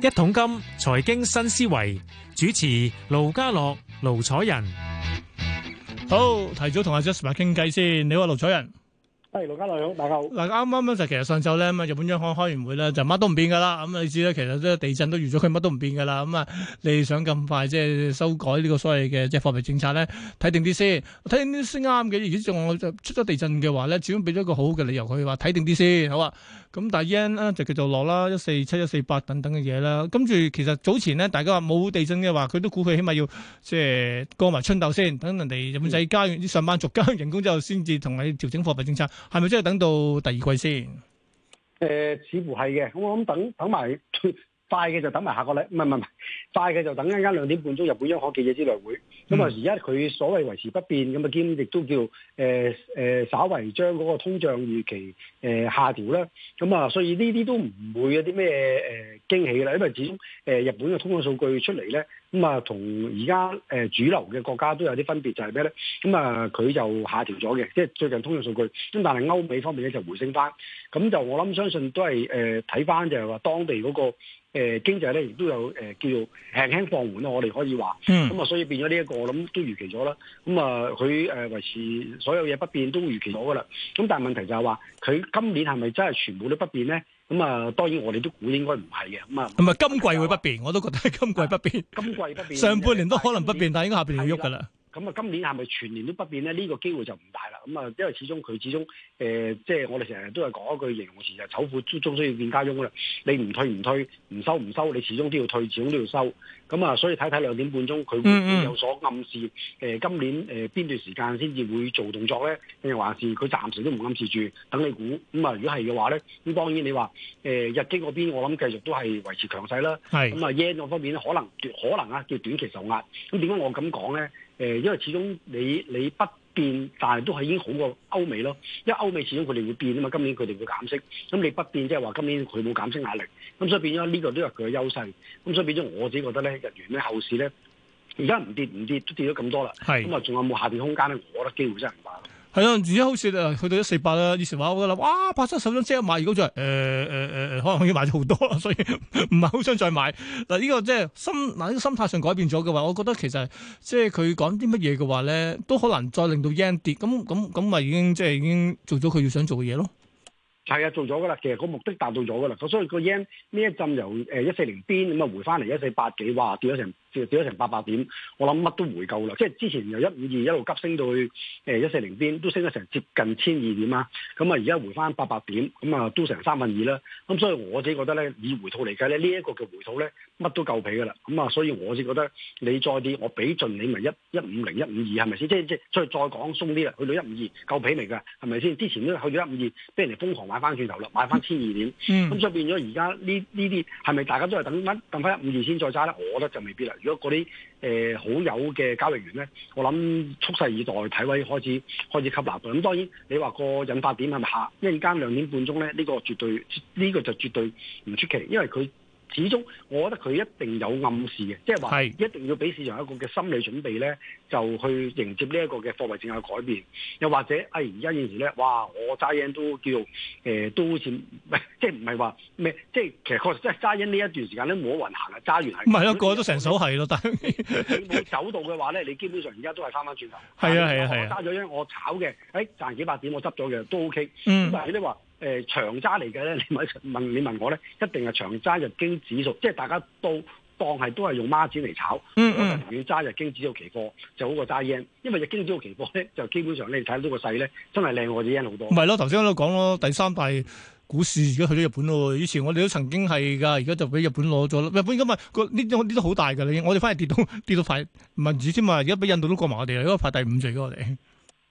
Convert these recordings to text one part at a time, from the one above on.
一桶金財經新思維，主持盧家樂、盧楚仁，好，提早同阿 Justin 傾偈先，你好，盧楚仁。係，大家、嗯、好，大家好。嗱，啱啱咧就其實上晝咧，咁啊日本央行開完會咧，就乜都唔變噶啦。咁、嗯、你知啦，其實都地震都預咗佢乜都唔變噶啦。咁、嗯、啊，你想咁快即係修改呢個所謂嘅即係貨幣政策咧，睇定啲先。睇定啲先啱嘅。如果仲我就出咗地震嘅話咧，主要俾咗一個好嘅理由，佢話睇定啲先，好啊。咁但係 yen 咧就叫做落啦，一四七、一四八等等嘅嘢啦。跟住其實早前咧，大家話冇地震嘅話，佢都估佢起碼要即係、呃、過埋春鬥先，等人哋日本仔加完啲上班族加完人工之後，先至同你調整貨幣政策。係咪真係等到第二季先？誒、呃，似乎係嘅，我諗等等埋，快嘅就等埋下個禮，唔係唔係唔係，快嘅就等一間兩點半鐘日本央行記者招待會。咁啊、嗯，而家佢所謂維持不變，咁啊兼亦都叫誒誒，稍為將嗰個通脹預期誒、呃、下調啦。咁、呃、啊，所以呢啲都唔會有啲咩誒驚喜啦，因為始終誒、呃、日本嘅通脹數據出嚟咧。咁啊，同而家誒主流嘅國家都有啲分別，就係咩咧？咁啊，佢就下調咗嘅，即係最近通脹數據。咁但係歐美方面咧就回升翻。咁就我諗相信都係誒睇翻就係話當地嗰、嗰個誒、呃、經濟咧，亦都有誒、呃、叫做輕輕放緩啦。我哋可以話。嗯。咁啊，所以變咗呢一個，我諗都預期咗啦。咁啊，佢誒維持所有嘢不變都預期咗噶啦。咁但係問題就係話，佢今年係咪真係全部都不變咧？咁啊、嗯，當然我哋都估應該唔係嘅，咁、嗯、啊，唔係今季會不變，嗯、我都覺得係今季不變，今季不變， 上半年都可能不變，但係是應該下邊要喐㗎啦。咁啊、嗯，今年係咪全年都不變咧？呢、呢個機會就唔大。咁啊，因為始終佢始終誒、呃，即係我哋成日都係講一句形容詞，就醜婦終終都要變家翁啦。你唔退唔退，唔收唔收，你始終都要退，始終都要收。咁啊，所以睇睇兩點半鐘，佢會唔會有所暗示。誒、呃，今年誒邊、呃、段時間先至會做動作咧？定係話係佢暫時都唔暗示住，等你估。咁啊，如果係嘅話咧，咁當然你話誒、呃、日經嗰邊，我諗繼續都係維持強勢啦。係咁啊，yen 嗰方面可能可能啊叫短期受壓。咁點解我咁講咧？誒、呃，因為始終你你，你不變，但係都係已經歐好過歐美咯，因為歐美始終佢哋會變啊嘛，今年佢哋會減息，咁你不變即係話今年佢冇減息壓力，咁所以變咗呢、這個都係佢嘅優勢，咁、這個、所以變咗我自己覺得咧，日元咧後市咧，而家唔跌唔跌都跌咗咁多啦，咁啊仲有冇下跌空間咧？我覺得機會真係唔大。係啊，而家好似啊，去到一四八啦，以前我話我覺得哇，拍出手先即刻買，如果再誒誒誒誒，可能已經買咗好多，所以唔係好想再買。嗱呢個即、就、係、是、心，嗱、這、呢個心態上改變咗嘅話，我覺得其實即係佢講啲乜嘢嘅話咧，都可能再令到 yen 跌。咁咁咁咪已經即係、就是、已經做咗佢要想做嘅嘢咯。係啊，做咗噶啦，其實個目的達到咗噶啦。所以個 yen 呢一浸由誒一四零邊咁啊回翻嚟一四八幾，哇，跌咗成。跌跌咗成八百點，我諗乜都回夠啦。即係之前由一五二一路急升到去誒一四零邊，都升咗成接近千二點啦。咁啊而家回翻八百點，咁啊都成三分二啦。咁所以我自己覺得咧，以回吐嚟計咧，呢、這、一個嘅回吐咧乜都夠皮㗎啦。咁啊，所以我先覺得你再跌，我俾盡你咪一一五零一五二係咪先？即係即係再再講鬆啲啦，去到一五二夠皮嚟㗎，係咪先？之前都去到一五二，俾人哋瘋狂買翻轉頭啦，買翻千二點。咁、mm. 嗯、所以變咗而家呢呢啲係咪大家都係等翻等翻一五二先再揸咧？我覺得就未必啦。如果嗰啲誒好友嘅交易員咧，我諗蓄勢以待，體位開始開始吸納。咁當然你話個引發點係咪下一陣間兩點半鐘咧？呢個絕對呢個就絕對唔出奇，因為佢始終我覺得佢一定有暗示嘅，即係話一定要俾市場一個嘅心理準備咧，就去迎接呢一個嘅貨幣政策嘅改變。又或者誒，而家現時咧，哇，我揸嘢都叫做～誒、呃、都好似唔即係唔係話咩？即係其實確實真係揸緊呢一段時間咧，冇運行啦，揸完係。唔係咯，個個都成手係咯，得。係你冇走到嘅話咧，你基本上而家都係翻翻轉頭。係啊係啊係啊！揸咗因我炒嘅，誒、哎、賺幾百點我執咗嘅都 OK。嗯。咁但係你話誒長揸嚟嘅咧，你問你問我咧，一定係長揸日經指數，即係大家都。當係都係用孖展嚟炒，我就寧願揸日經指數期貨就好過揸日圓，因為日經指數期貨咧就基本上你睇到個勢咧真係靚過啲日圓好多。唔係咯，頭先喺度講咯，第三大股市而家去咗日本咯。以前我哋都曾經係㗎，而家就俾日本攞咗。日本而家咪呢啲呢都好大㗎啦。我哋反而跌到跌到快民子先嘛。而家俾印度都過埋我哋啦，應該排第五最嘅我哋。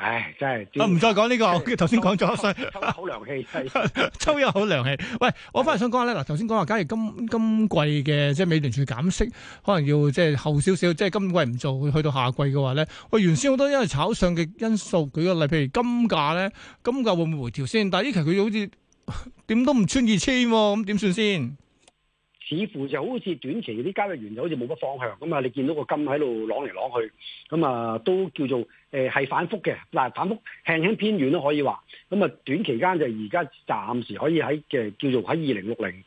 唉，真係我唔再講呢、這個，頭先講咗，吸一口涼氣，吸抽以一口涼氣是。 喂， 我返嚟想講下咧，嗱，頭先講話，假如今今季嘅即係美聯儲減息，可能要即係後少少，即係今季唔做，去到下季嘅話咧，喂，原先好多因為炒上嘅因素，舉個例，譬如金價咧，金價會唔會回調先？但係呢期佢好似點都唔穿二千喎、啊，咁點算先？似乎就好似短期啲交易員就好似冇乜方向咁啊！你見到個金喺度攞嚟攞去，咁啊都叫做誒係、呃、反覆嘅，嗱反覆輕輕偏軟都可以話，咁啊短期間就而家暫時可以喺嘅叫做喺二零六零，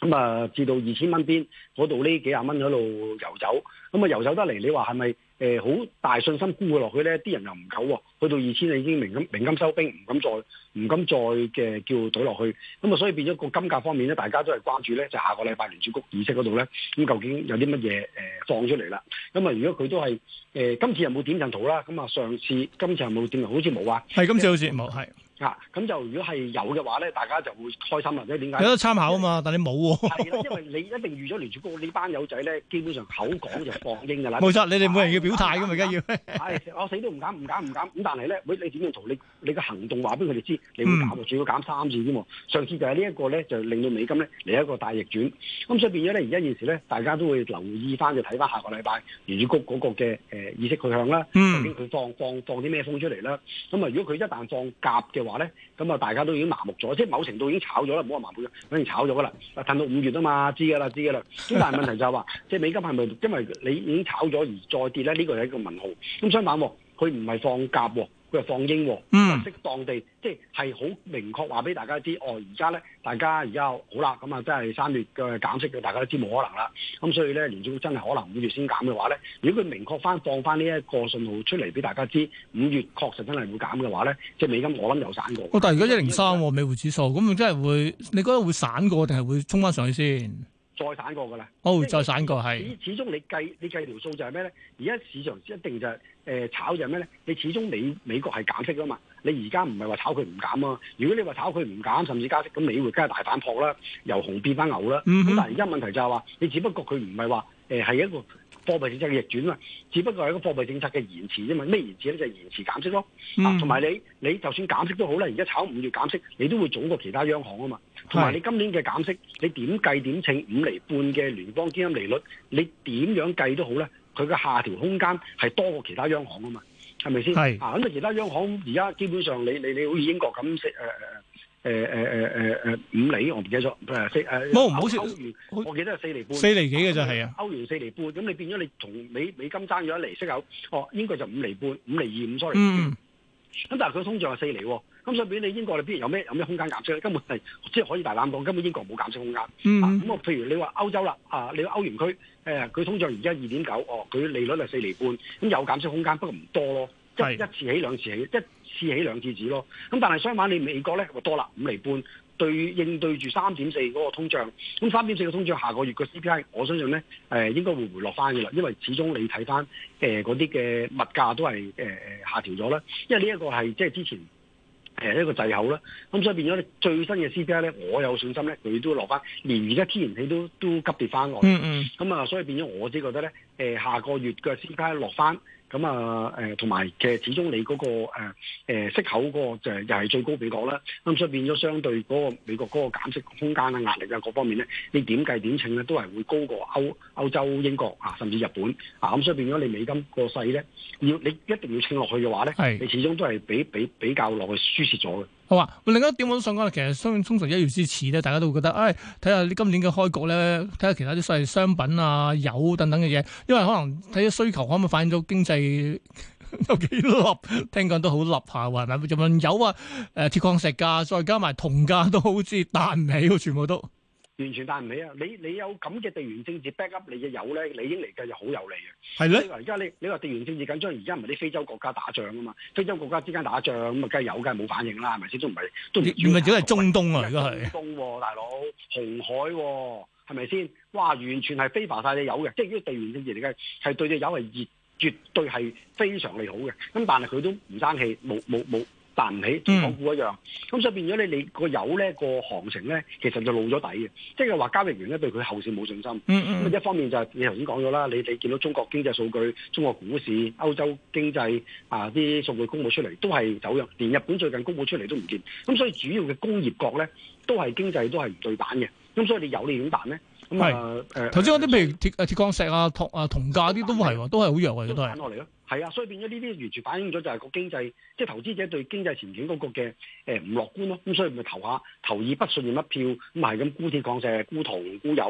咁啊至到二千蚊邊嗰度呢幾廿蚊喺度遊走，咁啊遊走得嚟，你話係咪？誒，好、呃、大信心沽佢落去咧，啲人又唔夠，去到二千你已經鳴金鳴金收兵，唔敢再唔敢再嘅、呃、叫倒落去，咁啊，所以變咗個金價方面咧，大家都係關注咧，就係、下個禮拜聯儲局議息嗰度咧，咁究竟有啲乜嘢誒放出嚟啦？咁、呃、啊，如果佢都係誒今次有冇點陣圖啦？咁啊，上次今次有冇點？好似冇啊，係今次好似冇，係、嗯。啊，咁就如果係有嘅話咧，大家就會開心啦。即係點解？有得參考啊嘛，但你冇喎、啊。係啦，因為你一定預咗聯儲局呢班友仔咧，基本上口講就放鷹嘅啦。冇錯，啊、你哋每人要表態㗎嘛，而家、啊、要。係，我死都唔減，唔減，唔減。咁、啊、但係咧，喂，你點樣做？你你嘅行動話俾佢哋知，你會減，主、嗯、要減三次啫嘛。上次就係呢一個咧，就令到美金咧嚟一個大逆轉。咁、嗯嗯、所以變咗咧，而家現，在現在時咧，大家都會留意翻，就睇翻下個禮拜聯儲局嗰個嘅誒、呃、議息去向啦，究竟佢放放放啲咩風出嚟啦？咁啊，如果佢一旦放鴿嘅，話咧，咁啊，大家都已經麻木咗，即係某程度已經炒咗啦，唔好話麻木咗，反正炒咗噶啦，啊，褪到五月啊嘛，知噶啦，知噶啦。咁但係問題就係話，即係美金係咪因為你已經炒咗而再跌咧？呢個係一個問號。咁相反啊，佢唔係放鴿啊。佢又放鷹，鷹、嗯，適當地即係好明確話俾大家知，哦，而家咧，大家而家好啦，咁啊真係三月嘅減息，對大家都知冇可能啦。咁、嗯、所以咧，聯儲真係可能五月先減嘅話咧，如果佢明確翻放翻呢一個信號出嚟俾大家知，五月確實真係會減嘅話咧，即、就、係、是、美金我諗又散過。但係如果一零三美匯指數咁，真係會你覺得會散過定係會衝翻上去先？再散過噶啦，哦、oh，再散過係。始始終你計你計條數就係咩咧？而家市場一定就誒、是呃、炒就係咩咧？你始終美美國係減息啊嘛？你而家唔係話炒佢唔減啊嘛？如果你話炒佢唔減，甚至加息，咁你會梗係大反撲啦，由熊變返牛啦。咁、mm hmm. 但係而家問題就係、是、話，你只不過佢唔係話誒係一個貨幣政策嘅逆轉啊嘛，只不過係一個貨幣政策嘅延遲啫嘛。咩延遲咧？就係、延遲減息咯。同埋、mm hmm. 你你就算減息都好啦，而家炒五月減息，你都會早過其，其他央行啊嘛。同埋你今年嘅減息，你點計點稱五厘半嘅聯邦基金利率，你點樣計都好咧，佢嘅下調空間係多過其他央行啊嘛，係咪先？係啊，咁啊其他央行而家基本上你，你你你好似英國咁，誒誒誒誒誒誒誒五厘，我唔記得咗，誒四誒冇歐元，我記得係四厘半。四釐幾嘅就係啊，歐元四厘半，咁你變咗你從美美金爭咗一厘，息口，哦，應該就五厘半，五厘二五，sorry，咁但係佢通脹係四釐。咁所以俾你英國你邊有咩有咩空間減息，根本係即係可以大膽講，根本英國冇減息空間。咁我譬如你話歐洲啦，啊，你歐元區，誒、呃，佢通脹而家二點九，哦，佢利率係四厘半，咁有減息空間，不過唔多咯，即係一次起兩次起，一次起兩次止咯。咁但係相反，你美國咧，多啦五厘半，5. 5，對應對住三點四嗰個通脹，咁三點四個通脹下個月個 CPI，我相信咧誒、呃、應該會回落翻嘅啦，因為始終你睇翻誒嗰啲嘅物價都係誒誒下調咗啦，因為呢一個係即係之前。誒，一個借口啦，咁所以變咗咧，最新嘅 CPI 咧，我有信心咧，佢都落翻，連而家天然氣都都急跌翻落。嗯嗯，咁啊，所以變咗我自己覺得咧，誒，下個月嘅 CPI 落翻。咁啊，誒同埋其實，始終你嗰、那個誒、呃、息口嗰個就又、是、係、就是、最高美國啦，咁、嗯、所以變咗相對嗰個美國嗰個減息空間啊、壓力啊各方面咧，你點計點稱咧都係會高過歐歐洲、英國啊，甚至日本啊，咁所以變咗你美金個勢咧，要你一定要稱落去嘅話咧，你始終都係比比比較落去輸蝕咗嘅。好啊！另一點我都想講啦，其實雖然通常一月之始咧，大家都會覺得，唉，睇下啲今年嘅開局咧，睇下其他啲所謂商品啊、油等等嘅嘢，因為可能睇下需求可唔可以反映到經濟有幾立？聽講都好立下喎，係咪？仲問油啊、誒、呃、鐵礦石價，再加埋銅價都好似彈起喎，全部都。完全帶唔起啊！你你有咁嘅地緣政治 back up 你嘅油咧，你已經嚟計就好有利嘅。係咧，而家你你話地緣政治緊張，而家唔係啲非洲國家打仗啊嘛？非洲國家之間打仗咁啊，梗係有，梗係冇反應啦，係咪先？都唔係都唔係，唔係只係中東啊，如果係。中東喎、啊，的大佬紅海喎、啊，係咪先？哇！完全係非白晒隻油嘅，即係如果地緣政治嚟計，係對隻油係熱，絕對係非常利好嘅。咁但係佢都唔爭氣，冇冇冇。彈唔起，同港股一樣。咁、嗯、所以變咗咧，你個油呢、那個行情咧，其實就露咗底嘅。即係話交易員咧對佢後市冇信心。咁、嗯嗯嗯、一方面就你頭先講咗啦，你你，你見到中國經濟數據、中國股市、歐洲經濟啊啲、呃、數據公佈出嚟都係走弱，連日本最近公佈出嚟都唔見。咁所以主要嘅工業國咧都係經濟都係唔對版嘅。咁所以你油你點彈咧？咁啊誒，頭先嗰啲譬如鐵啊鐵礦石啊銅啊銅價啲都係喎，都係好弱嘅都係。都係啊，所以變咗呢啲完全反映咗就係個經濟，即係投資者對經濟前景嗰個嘅誒唔樂觀咯。咁、嗯、所以咪投下投以不信任一票，咁係咁沽鐵礦石、沽銅、沽油。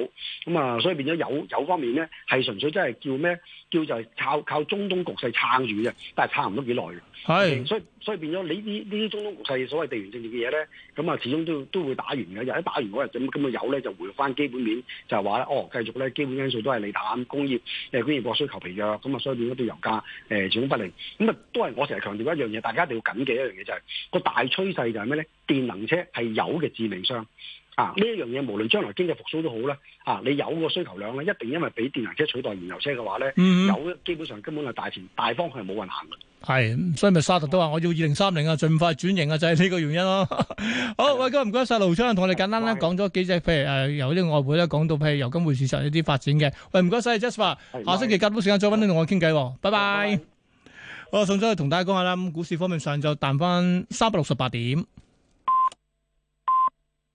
咁、嗯、啊。所以變咗油油，油方面咧，係純粹真係叫咩？叫就係靠靠中東局勢撐住嘅，但係撐唔到幾耐嘅，係是。呃所以所以變咗呢啲呢啲中東局勢所謂地緣政治嘅嘢咧，咁、嗯、啊始終都都會打完嘅。又喺打完嗰日咁咁嘅油咧就回翻基本面，就係話咧，哦繼續咧基本因素都係你打工業誒、呃、工業國需求疲弱，咁啊所以變咗對油價誒、呃、始終不利。咁、嗯、啊都係我成日強調一樣嘢，大家一定要緊記一樣嘢就係、是、個大趨勢就係咩咧？電能車係油嘅致命傷啊！呢一樣嘢無論將來經濟復甦都好啦啊，你油個需求量咧一定因為俾電能車取代燃油車嘅話咧，油、mm hmm. 基本上根本係大前大方向冇運行。係，所以咪沙特都話我要二零三零啊，盡快轉型啊，就係、是、呢個原因咯、啊。 好謝謝盧、呃，喂，今日唔該晒盧昌，同我哋簡單咧講咗幾隻譬如誒，由呢個外匯咧講到譬如由金匯市場呢啲發展嘅。喂，唔該晒 Jasper 下星期夾到時間再搵你同我傾偈、啊，是是拜拜。我同咗去同大家講下啦。咁股市方面上晝彈翻三百六十八點。